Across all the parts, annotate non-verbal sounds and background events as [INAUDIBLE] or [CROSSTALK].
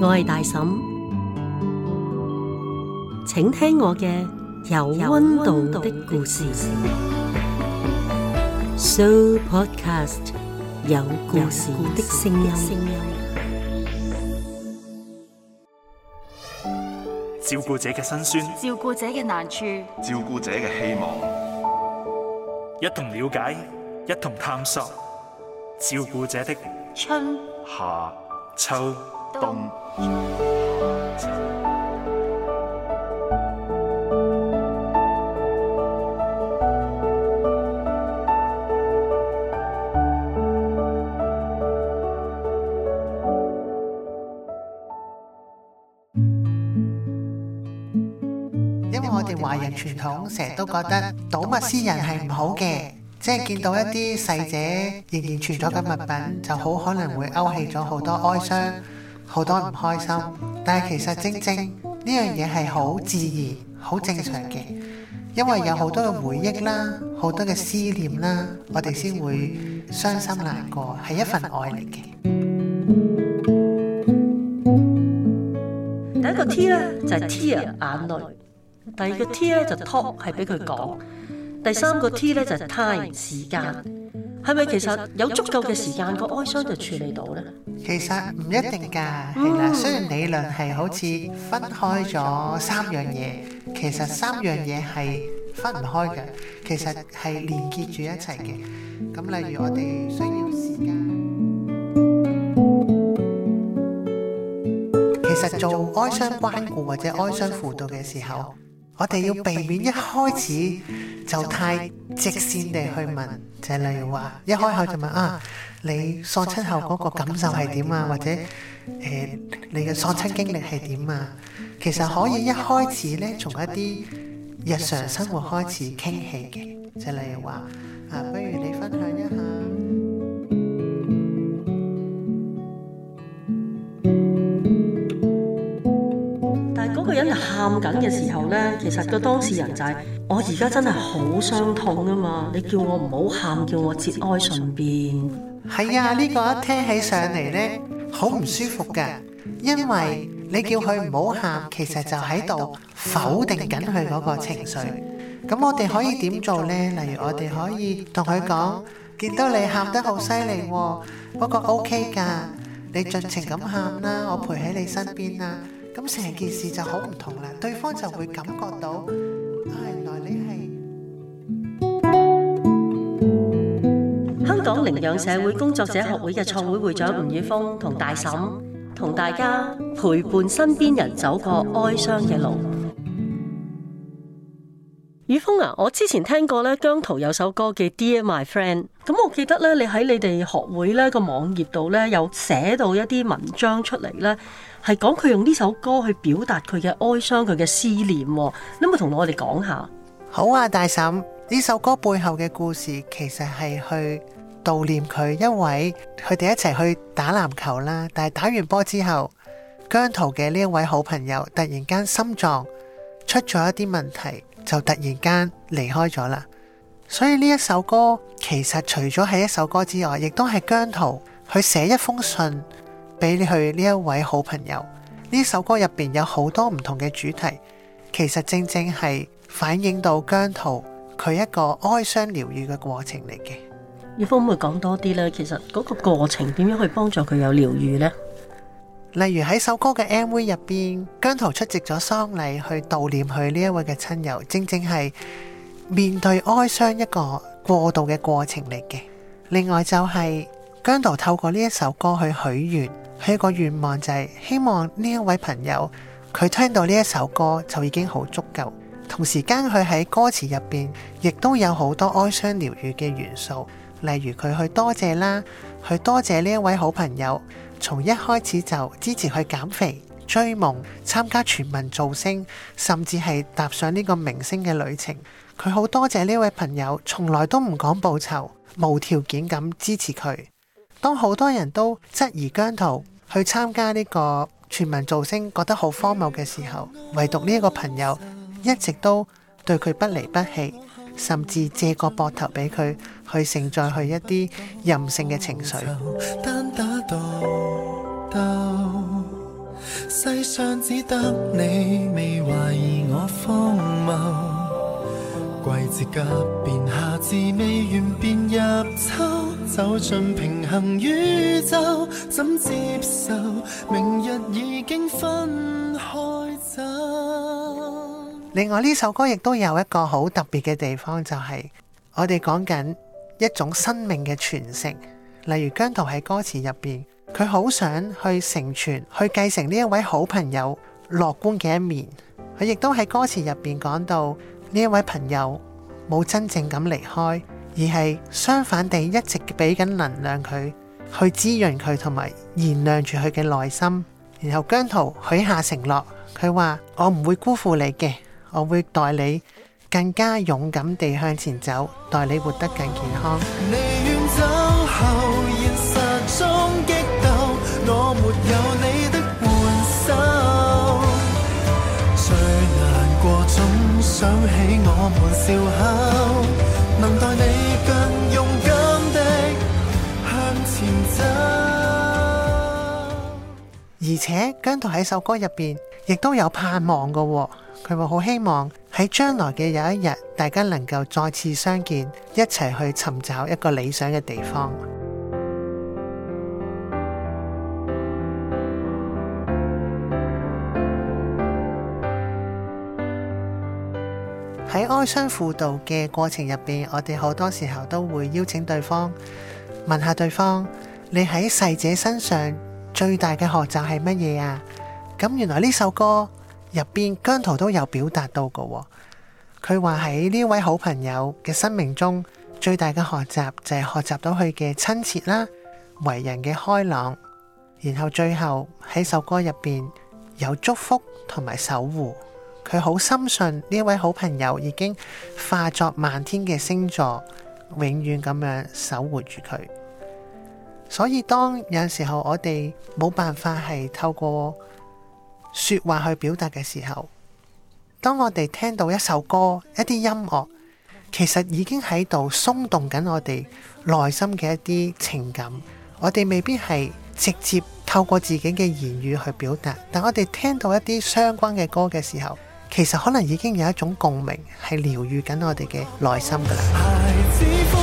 我係大嬸，請聽我嘅有温度的故事。So Podcast 有故事的聲音。照顧者嘅辛酸，照顧者嘅難處，照顧者嘅希望，一同了解，一同探索，照顧者的春、夏、秋。因為我哋華人傳統成日都覺得睹物思人係唔好嘅，即係見到一啲逝者仍然存咗嘅物品，就好可能會勾起咗好多哀傷。好多唔開心，但係其實正正呢樣嘢係好自然、好正常嘅，因為有好多嘅回憶啦、好多嘅思念啦，我哋先會傷心難過，係一份愛嚟嘅。第一個 T 咧就係 tear，眼淚；第二個 T 咧就 talk，係俾佢講；第三個 T 咧就 time，時間。係咪其實有足夠嘅時間，個哀傷就處理到咧？其實唔一定噶，係啦，雖然理論係好似分開咗三樣嘢，其實三樣嘢係分唔開嘅，其實係連結住一齊嘅。咁例如我哋需要時間，其實做哀傷關顧或者哀傷輔導嘅時候。我哋要避免一開始就太直線地去問，就係、例如話一開口就問啊，你喪親後嗰個感受係點啊？或者誒、呃、你嘅喪親經歷係點啊？其實可以一開始咧，從一啲日常生活開始傾起嘅，就係、例如話啊，不如你分享一下。喊緊嘅時候呢，其實個當事人就係我而家真係好傷痛啊嘛！你叫我唔好喊，叫我節哀順變，係啊，呢個一聽起上嚟呢，好唔舒服㗎，因為你叫佢唔好喊，其實就喺度否定緊佢嗰個情緒。咁我哋可以點做呢？例如我哋可以同佢講，見到你喊得好犀利喎，不過 OK 噶，你盡情咁喊啦，我陪喺你身邊啊。咁成件事就好唔同啦，對方就會感覺到，啊、哎，原來你係香港領養社會工作者學會嘅創會會長吳宇峰同大嬸，同大家陪伴身邊人走過哀傷嘅路。雨峰啊，我之前聽過咧姜濤有首歌叫《Dear My Friend》，咁，我記得咧，你喺你哋學會咧個網頁度咧有寫到一啲文章出嚟咧，係講佢用呢首歌去表達佢嘅哀傷，佢嘅思念喎。你可唔可以同我哋講下？好啊，大嬸，呢首歌背後嘅故事其實係去悼念佢，因為佢哋一齊去打籃球啦。但係打完波之後，姜濤嘅呢一位好朋友突然間心臟出咗一啲問題。就突然間離開咗啦，所以呢一首歌其實除咗係一首歌之外，亦都係姜濤佢寫一封信俾佢呢一位好朋友。呢首歌入邊有好多唔同嘅主題，其實正正係反映到姜濤佢一個哀傷療愈嘅過程嚟嘅。葉峰會講多啲咧，其實嗰個過程點樣去幫助佢有療愈呢？例如喺首歌嘅 MV 入邊，姜濤出席咗喪禮去悼念佢呢一位嘅親友，正正係面對哀傷一個過渡嘅過程嚟嘅。另外就係、是、姜濤透過呢一首歌去許願，佢個願望就係希望呢一位朋友佢聽到呢一首歌就已經好足夠。同時間佢喺歌詞入邊亦都有好多哀傷療愈嘅元素，例如佢去多謝啦，去多謝呢一位好朋友。從一開始就支持佢減肥、追夢、參加全民造星，甚至係踏上呢個明星嘅旅程。佢好多謝呢位朋友，從來都唔講報酬，無條件咁支持佢。當好多人都質疑姜濤去參加呢個全民造星，覺得好荒謬嘅時候，唯獨呢一個朋友一直都對佢不離不棄，甚至借個膊頭俾佢去盛載去一啲任性嘅情緒。世上只得你，未懷疑我荒謬。季節甲便夏至未完便入秋，走進平衡宇宙，怎接受明日已經分開走？另外，呢首歌亦都有一個好特別嘅地方，就係、是、我哋講緊一種生命嘅傳承。例如姜濤喺歌詞入邊，佢好想去成全，去繼承呢一位好朋友樂觀嘅一面。佢亦都喺歌詞入邊講到呢一位朋友冇真正咁離開，而係相反地一直俾緊能量佢，去滋潤佢同埋燃亮住佢嘅內心。然後姜濤許下承諾，佢話：我唔會辜負你嘅，我會代你更加勇敢地向前走，代你活得更健康。 [MUSIC] 想起我們笑口，能帶你更勇敢的向前走。而且姜濤喺首歌入邊亦都有盼望嘅。哦，佢話好希望喺將來嘅有一日，大家能夠再次相見，一齊去尋找一個理想嘅地方。喺哀傷輔導嘅過程入邊，我哋好多時候都會邀請對方，問下對方：你喺逝者身上最大嘅學習係乜嘢啊？咁原來呢首歌入邊，姜濤都有表達到嘅。佢話喺呢位好朋友嘅生命中，最大嘅學習就係學習到佢嘅親切啦，為人嘅開朗，然後最後喺首歌入邊有祝福同埋守護。佢好深信呢位好朋友已經化作漫天嘅星座，永遠咁樣守護住佢。所以當有時候我哋冇辦法係透過說話去表達嘅時候，當我哋聽到一首歌、一啲音樂，其實已經喺度鬆動緊我哋內心嘅一啲情感。我哋未必係直接透過自己嘅言語去表達，但我哋聽到一啲相關嘅歌嘅時候，其實可能已經有一種共鳴，係療癒緊我哋嘅內心㗎啦。孩子風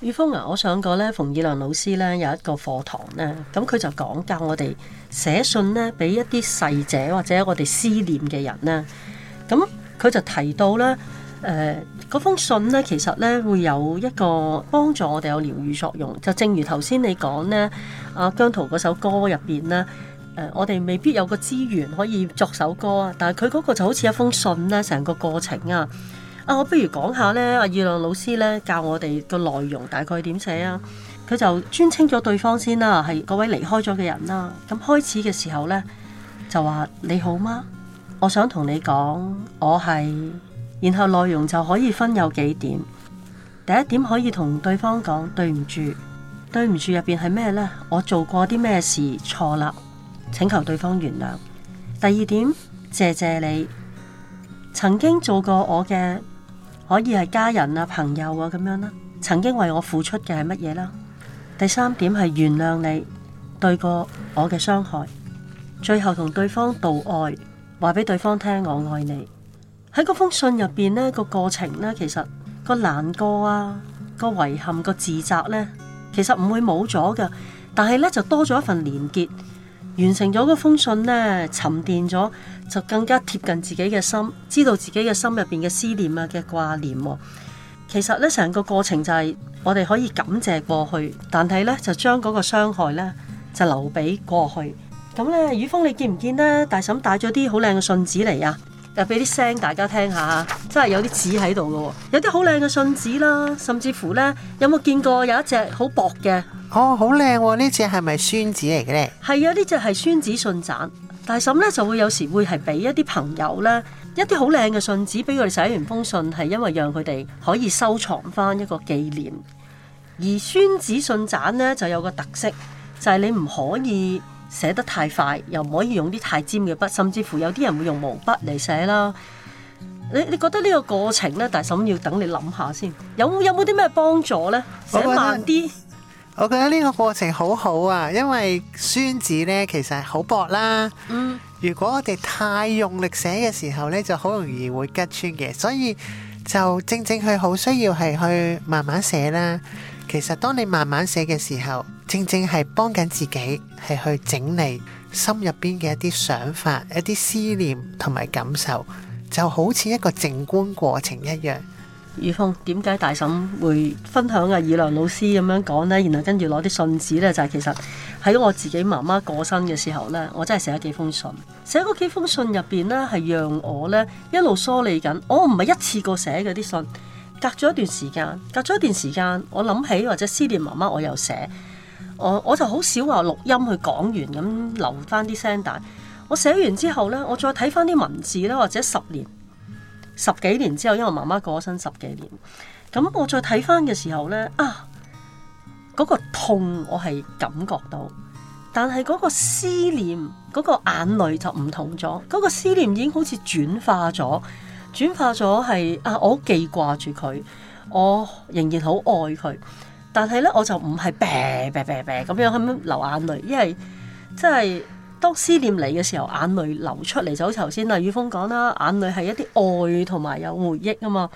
雨峰啊，我上過咧馮以良老師咧有一個課堂咧，咁佢就講教我哋寫信咧，俾一啲逝者或者我哋思念嘅人咧，咁佢就提到咧，誒、呃、嗰封信咧，其實咧會有一個幫助我哋有療愈作用，就正如頭先你講咧，阿姜濤嗰首歌入邊咧，誒、呃、我哋未必有個資源可以作首歌啊，但係佢嗰個就好似一封信咧，成個過程啊。啊，我不如講下呢。阿葉亮老師呢，教我哋個內容大概點寫啊？佢就尊稱咗對方先啦，啊，係嗰位離開咗嘅人啦，啊。咁開始嘅時候呢，就話你好嗎？我想同你講，我係……然後內容就可以分有幾點。第一點，可以同對方講對唔住，對唔住入邊係咩呢？我做過啲咩事錯啦？請求對方原諒。第二點，謝謝你，曾經做過我嘅。可以係家人啊、朋友啊咁樣啦，曾經為我付出嘅係乜嘢啦？第三點係原諒你對過我嘅傷害，最後同對方道愛，話俾對方聽我愛你。喺嗰封信入邊呢個過程呢，其實個難過啊、個遺憾、個自責呢，其實唔會冇咗嘅，但係呢，就多咗一份連結，完成咗嗰封信呢，沉澱咗。就更加貼近自己嘅心，知道自己嘅心入邊嘅思念啊嘅掛念喎。其實呢，成個過程就係我哋可以感謝過去，但係呢，就將嗰個傷害呢，就留俾過去。咁呢，宇峰你見唔見呢？大嬸帶咗啲好靚嘅信紙嚟啊！又俾啲聲大家聽下，真係有啲紙喺度嘅喎，有啲好靚嘅信紙啦，甚至乎呢，有冇見過有一隻好薄嘅？哦，好靚喎！呢隻係咪宣紙嚟嘅呢？係啊，呢隻係宣紙信札。大嬸咧就會有時會係俾一啲朋友咧一啲好靚嘅信紙俾佢哋寫完封信，係因為讓佢哋可以收藏翻一個紀念。而宣紙信札咧就有個特色，就係、是、你唔可以寫得太快，又唔可以用啲太尖嘅筆，甚至乎有啲人會用毛筆嚟寫啦。你你覺得呢個過程咧，大嬸要等你諗下先。有有冇啲咩幫助咧？寫慢啲。我覺得呢個過程好好啊，因為宣紙呢其實係好薄啦。嗯，如果我哋太用力寫嘅時候呢，就好容易會拮穿嘅。所以就正正係好需要係去慢慢寫啦。其實當你慢慢寫嘅時候，正正係幫緊自己係去整理心入邊嘅一啲想法、一啲思念同埋感受，就好似一個靜觀過程一樣。雨峰，點解大嬸會分享阿以良老師咁樣講呢？然後跟住攞啲信紙呢，就係其實喺我自己媽媽過身嘅時候呢，我真係寫咗幾封信。寫嗰幾封信入邊呢，係讓我呢一路梳理緊。我唔係一次過寫嘅啲信，隔咗一段時間，隔咗一段時間，我諗起或者思念媽媽，我又寫。我我就好少話錄音去講完咁留翻啲聲帶。我寫完之後呢，我再睇翻啲文字啦，或者十年，十幾年之後，因為我媽媽過咗身十幾年，咁我再睇翻嘅時候咧，啊，嗰個痛我係感覺到，但係嗰個思念嗰個眼淚就唔同咗，嗰個思念已經好似轉化咗，轉化咗係啊，我記掛住佢，我仍然好愛佢，但係咧我就唔係，病病病咁樣咁樣流眼淚，因為即係。當思念你嘅時候，眼淚流出嚟。就頭先啊，宇峰講啦，眼淚係一啲愛同埋有回憶啊嘛。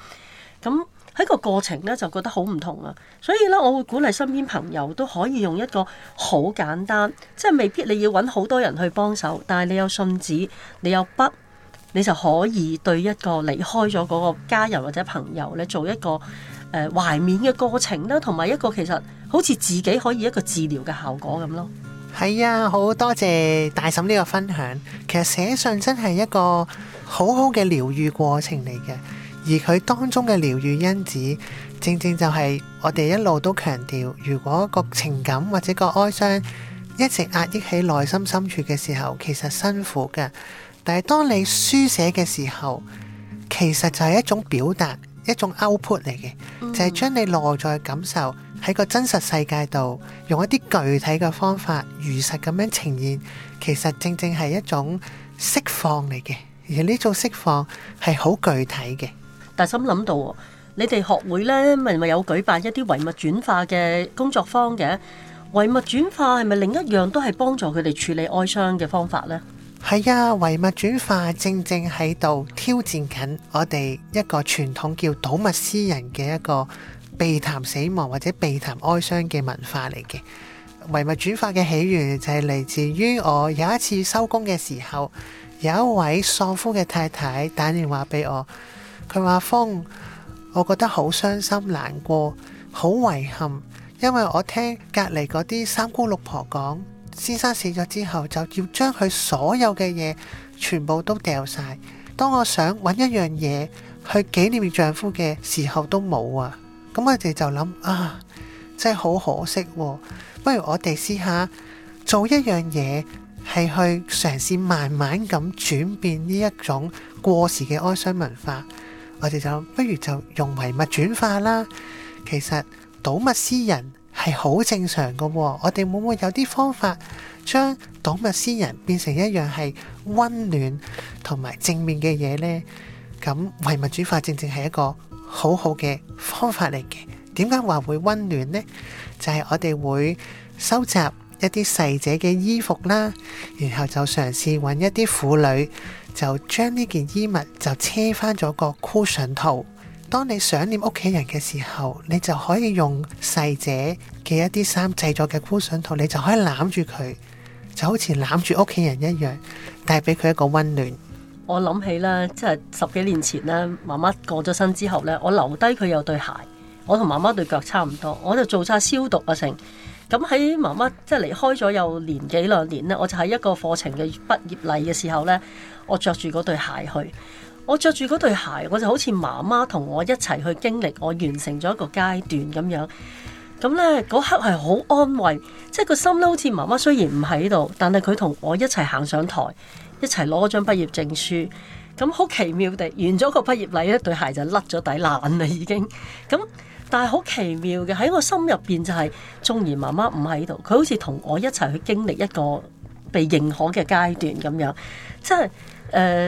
咁喺個過程咧，就覺得好唔同啊。所以咧，我會鼓勵身邊朋友都可以用一個好簡單，即係未必你要揾好多人去幫手，但係你有信紙、你有筆，你就可以對一個離開咗嗰個家人或者朋友咧，做一個誒、呃、懷緬嘅過程啦，同埋一個其實好似自己可以一個治療嘅效果咁咯。係啊，好多謝大嬸呢個分享。其實寫信真係一個好好嘅療癒過程嚟嘅，而佢當中嘅療癒因子，正正就係我哋一路都強調，如果個情感或者個哀傷一直壓抑喺內心深處嘅時候，其實辛苦嘅。但係當你書寫嘅時候，其實就係一種表達，一種 output 嚟嘅，mm hmm. 就係將你內在感受。喺個真實世界度，用一啲具體嘅方法，如實咁樣呈現，其實正正係一種釋放嚟嘅。而呢種釋放係好具體嘅。但心諗到，你哋學會呢咪有舉辦一啲遺物轉化嘅工作坊嘅？遺物轉化係咪另一樣都係幫助佢哋處理哀傷嘅方法呢？係啊，遺物轉化正正喺度挑戰緊我哋一個傳統叫睹物思人嘅一個避談死亡或者避談哀傷嘅文化嚟嘅。遺物轉化嘅起源就係嚟自於我有一次收工嘅時候，有一位喪夫嘅太太打電話俾我，佢話：峰，我覺得好傷心、難過、好遺憾，因為我聽隔籬嗰啲三姑六婆講，先生死咗之後就要將佢所有嘅嘢全部都掉晒。當我想揾一樣嘢去紀念丈夫嘅時候，都冇啊。咁我哋就諗啊，真係好可惜，啊，不如我哋試下做一樣嘢，係去嘗試慢慢咁轉變呢一種過時嘅哀傷文化。我哋就諗，不如就用遺物轉化啦。其實睹物思人係好正常嘅，啊，我哋會唔會有啲方法將睹物思人變成一樣係溫暖同埋正面嘅嘢呢？咁遺物轉化正正係一個好好嘅方法嚟嘅，點解話會温暖呢？就係、是、我哋會收集一啲逝者嘅衣服啦，然後就嘗試揾一啲婦女，就將呢件衣物就車翻咗個 cushion 套。當你想念屋企人嘅時候，你就可以用逝者嘅一啲衫製作嘅 cushion 套，你就可以攬住佢，就好似攬住屋企人一樣，帶俾佢一個温暖。我諗起咧，即係十幾年前咧，媽媽過咗身之後咧，我留低佢有對鞋。我同媽媽對腳差唔多，我就做晒消毒啊成。咁喺媽媽即係離開咗有年幾兩年咧，我就喺一個課程嘅畢業禮嘅時候咧，我着住嗰對鞋去。我着住嗰對鞋，我就好似媽媽同我一齊去經歷，我完成咗一個階段咁樣。咁咧嗰刻係好安慰，即係個心咧好似媽媽雖然唔喺度，但係佢同我一齊行上台。一齊攞嗰張畢業證書，咁好奇妙地完咗個畢業禮咧，對鞋就甩咗底爛啦已經。咁但係好奇妙嘅喺我心入邊就係、是，縱然媽媽唔喺度，佢好似同我一齊去經歷一個被認可嘅階段咁樣。即係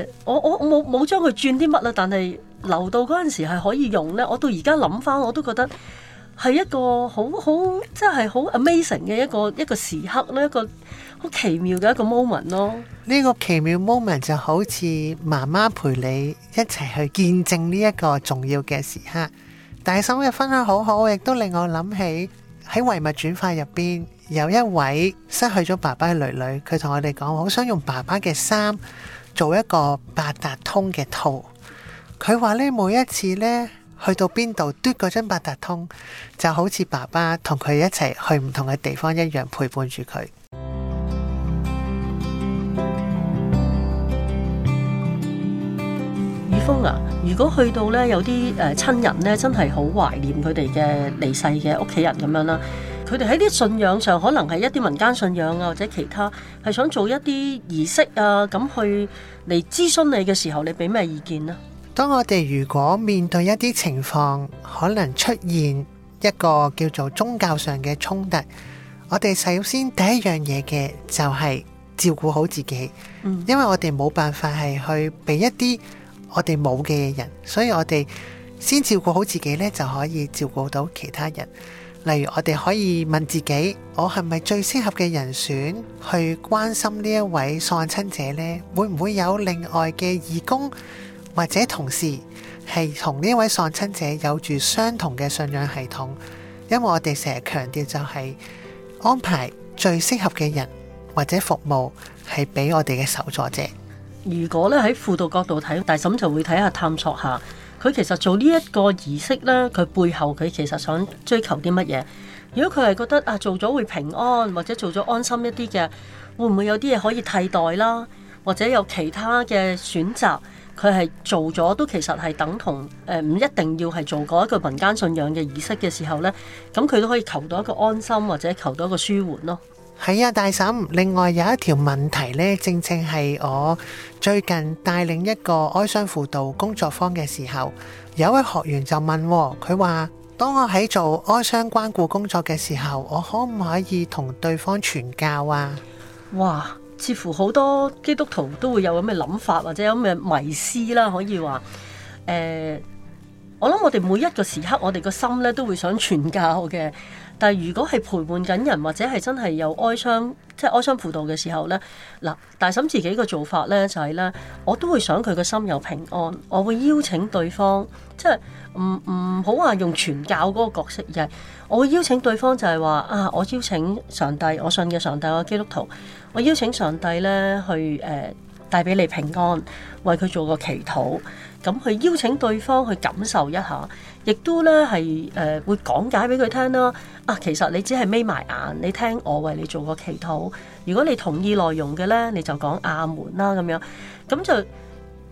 誒，我我冇冇將佢轉啲乜啦，但係留到嗰陣時係可以用呢。我到而家諗返我都覺得。係一個好好即係好 amazing 嘅一個一個時刻咯，一個好奇妙嘅一個 moment 咯。呢個奇妙 moment 就好似媽媽陪你一齊去見證呢一個重要嘅時刻。大三嘅分享好好，亦都令我諗起喺遺物轉化入邊有一位失去咗爸爸嘅女女，佢同我哋講，好想用爸爸嘅衫做一個八達通嘅套。佢話呢每一次呢。去到邊度，嘟嗰張八達通，就好似爸爸同佢一齊去唔同嘅地方一樣，陪伴住佢。雨峰啊，如果去到呢，有啲誒親人呢，真係好懷念佢哋嘅離世嘅屋企人咁樣啦，佢哋喺啲信仰上可能係一啲民間信仰啊，或者其他，係想做一啲儀式啊咁去嚟諮詢你嘅時候，你俾咩意見呢？當我哋如果面對一啲情況，可能出現一個叫做宗教上嘅衝突，我哋首先第一樣嘢嘅就係照顧好自己，因為我哋冇辦法係去俾一啲我哋冇嘅人，所以我哋先照顧好自己呢，就可以照顧到其他人。例如，我哋可以問自己，我係咪最適合嘅人選去關心呢一位喪親者呢？會唔會有另外嘅義工？或者同事，係同呢位喪親者有住相同嘅信仰系統，因為我哋成日強調就係安排最適合嘅人或者服務，係俾我哋嘅受助者。如果咧喺輔導角度睇，大嬸就會睇下探索下，佢其實做呢一個儀式咧，佢背後佢其實想追求啲乜嘢？如果佢係覺得啊做咗會平安，或者做咗安心一啲嘅，會唔會有啲嘢可以替代啦？或者有其他嘅選擇？佢係做咗，都其實係等同誒，唔、呃、一定要係做過一個民間信仰嘅儀式嘅時候呢。咁佢都可以求到一個安心或者求到一個舒緩咯。係啊，大嬸。另外有一條問題呢，正正係我最近帶領一個哀傷輔導工作坊嘅時候，有位學員就問佢、哦、話：當我喺做哀傷關顧工作嘅時候，我可唔可以同對方傳教啊？哇！似乎好多基督徒都會有咁嘅諗法，或者有咁嘅迷思啦，可以話誒。呃我諗我哋每一個時刻，我哋個心咧都會想傳教嘅。但係如果係陪伴緊人，或者係真係有哀傷，即係哀傷輔導嘅時候咧，嗱，大嬸自己個做法咧就係咧，我都會想佢個心有平安。我會邀請對方，即係唔唔好話用傳教嗰個角色，而係我會邀請對方就係話啊，我邀請上帝，我信嘅上帝，我基督徒，我邀請上帝咧去誒帶俾你平安，為佢做個祈禱。咁去邀請對方去感受一下，亦都咧係誒會講解俾佢聽啦。啊，其實你只係眯埋眼，你聽我為你做個祈禱。如果你同意內容嘅咧，你就講阿門啦、啊、咁樣。咁就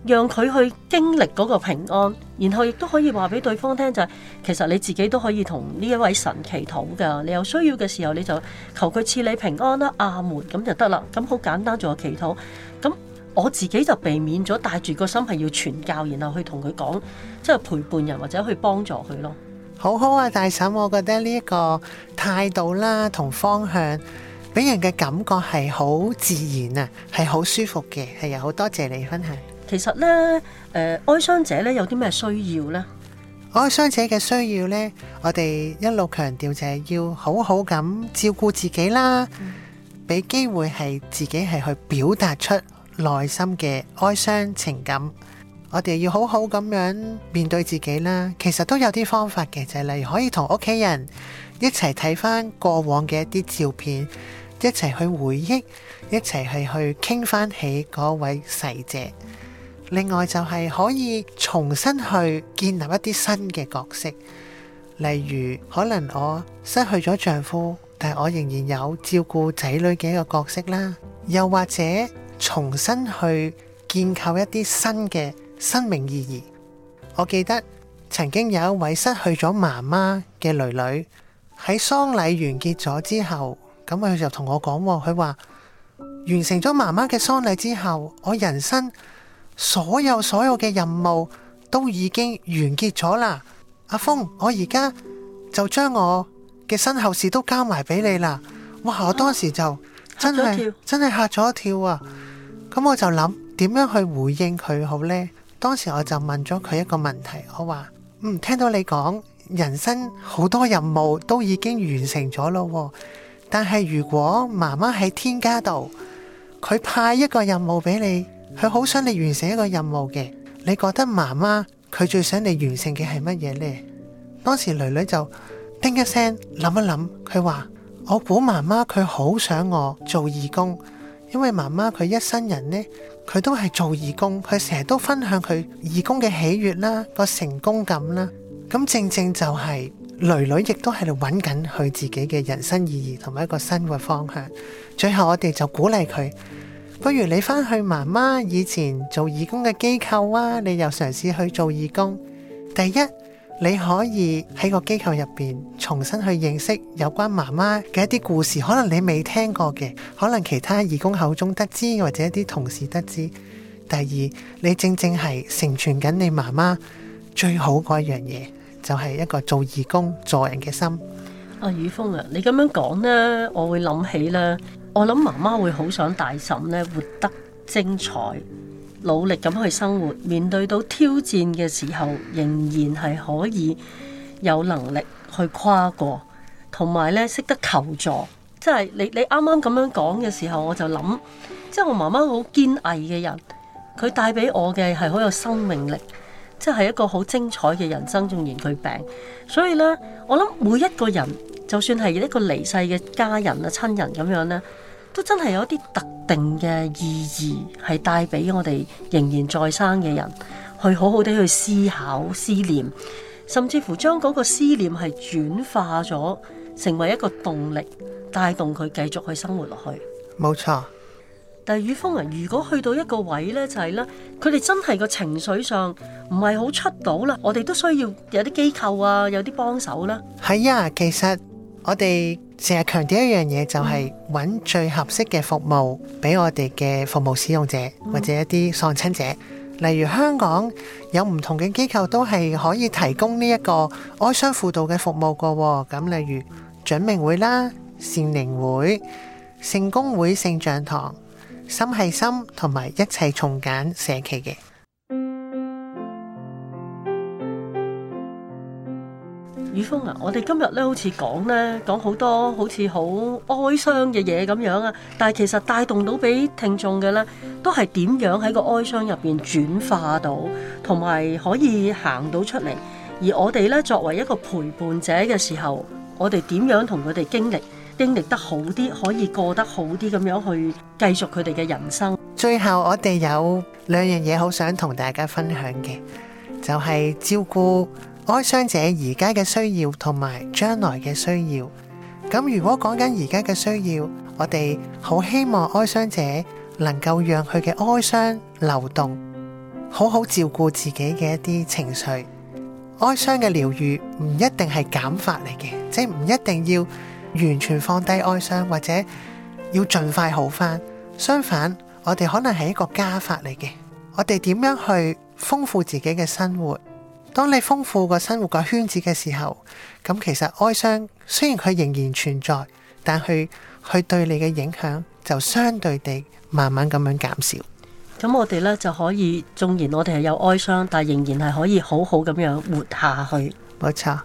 讓佢去經歷嗰個平安，然後亦都可以話俾對方聽就係、是，其實你自己都可以同呢一位神祈禱噶。你有需要嘅時候，你就求佢賜你平安啦、啊。阿門咁就得啦。咁好簡單做個祈禱咁。我自己就避免咗帶住個心係要傳教，然後去同佢講，即係陪伴人或者去幫助佢咯。好好啊，大嬸，我覺得呢一個態度啦同方向，俾人嘅感覺係好自然啊，係好舒服嘅，係啊，好多謝你分享。其實咧，誒、呃，哀傷者咧有啲咩需要呢？哀傷者嘅需要呢，我哋一路強調就係要好好咁照顧自己啦，俾、嗯、機會係自己係去表達出。內心嘅哀傷情感，我哋要好好咁樣面對自己啦。其實都有啲方法嘅，就係例如可以同屋企人一齊睇翻過往嘅一啲照片，一齊去回憶，一齊去去傾翻起嗰位逝者。另外就係可以重新去建立一啲新嘅角色，例如可能我失去咗丈夫，但係我仍然有照顧仔女嘅一個角色啦。又或者。重新去建構一啲新嘅生命意義。我記得曾經有一位失去咗媽媽嘅女女，喺喪禮完結咗之後，咁佢就同我講：佢話完成咗媽媽嘅喪禮之後，我人生所有所有嘅任務都已經完結咗啦。阿峰，我而家就將我嘅身後事都交埋俾你啦。哇！我當時就真係、啊、真係吓咗一跳啊！咁我就諗點樣去回應佢好呢？當時我就問咗佢一個問題，我話：嗯，聽到你講人生好多任務都已經完成咗咯，但係如果媽媽喺天家度，佢派一個任務俾你，佢好想你完成一個任務嘅，你覺得媽媽佢最想你完成嘅係乜嘢呢？當時女女就叮一聲，諗一諗，佢話：我估媽媽佢好想我做義工。因為媽媽佢一生人呢，佢都係做義工，佢成日都分享佢義工嘅喜悅啦、個成功感啦。咁正正就係囡囡亦都喺度揾緊佢自己嘅人生意義同埋一個生活方向。最後我哋就鼓勵佢，不如你翻去媽媽以前做義工嘅機構啊，你又嘗試去做義工。第一。你可以喺個機構入邊重新去認識有關媽媽嘅一啲故事，可能你未聽過嘅，可能其他義工口中得知，或者一啲同事得知。第二，你正正係成全緊你媽媽最好嗰樣嘢，就係一個做義工助人嘅心。阿宇峰啊，你咁樣講呢，我會諗起啦，我諗媽媽會好想大嬸呢，活得精彩。努力咁去生活，面對到挑戰嘅時候，仍然係可以有能力去跨過，同埋咧識得求助。即係你你啱啱咁樣講嘅時候，我就諗，即係我媽媽好堅毅嘅人，佢帶俾我嘅係好有生命力，即係一個好精彩嘅人生，縱然佢病，所以咧，我諗每一個人，就算係一個離世嘅家人啊、親人咁樣咧。都真係有一啲特定嘅意義，係帶俾我哋仍然在生嘅人，去好好地去思考、思念，甚至乎將嗰個思念係轉化咗成為一個動力，帶動佢繼續去生活落去。冇錯錯。但係宇峰啊，如果去到一個位呢，就係、是、呢，佢哋真係個情緒上唔係好出到啦，我哋都需要有啲機構啊，有啲幫手啦、啊。係 [LAUGHS] 啊，其實我哋。淨係強調一樣嘢，就係揾最合適嘅服務俾我哋嘅服務使用者或者一啲喪親者。例如香港有唔同嘅機構都係可以提供呢一個哀傷輔導嘅服務㗎喎。咁例如贐明會啦、善寧會、聖公會聖匠堂、心係心同埋一切從簡社企嘅。雨峰啊，我哋今日咧好似講咧講好多好似好哀傷嘅嘢咁樣啊，但係其實帶動到俾聽眾嘅咧，都係點樣喺個哀傷入邊轉化到，同埋可以行到出嚟。而我哋咧作為一個陪伴者嘅時候，我哋點樣同佢哋經歷經歷得好啲，可以過得好啲咁樣去繼續佢哋嘅人生。最後我哋有兩樣嘢好想同大家分享嘅，就係照顧。哀傷者而家嘅需要同埋將來嘅需要，咁如果講緊而家嘅需要，我哋好希望哀傷者能夠讓佢嘅哀傷流動，好好照顧自己嘅一啲情緒。哀傷嘅療愈唔一定係減法嚟嘅，即係唔一定要完全放低哀傷或者要盡快好返。相反，我哋可能係一個加法嚟嘅，我哋點樣去豐富自己嘅生活？當你豐富個生活個圈子嘅時候，咁其實哀傷雖然佢仍然存在，但係佢對你嘅影響就相對地慢慢咁樣減少。咁我哋呢就可以，縱然我哋係有哀傷，但係仍然係可以好好咁樣活下去。冇錯。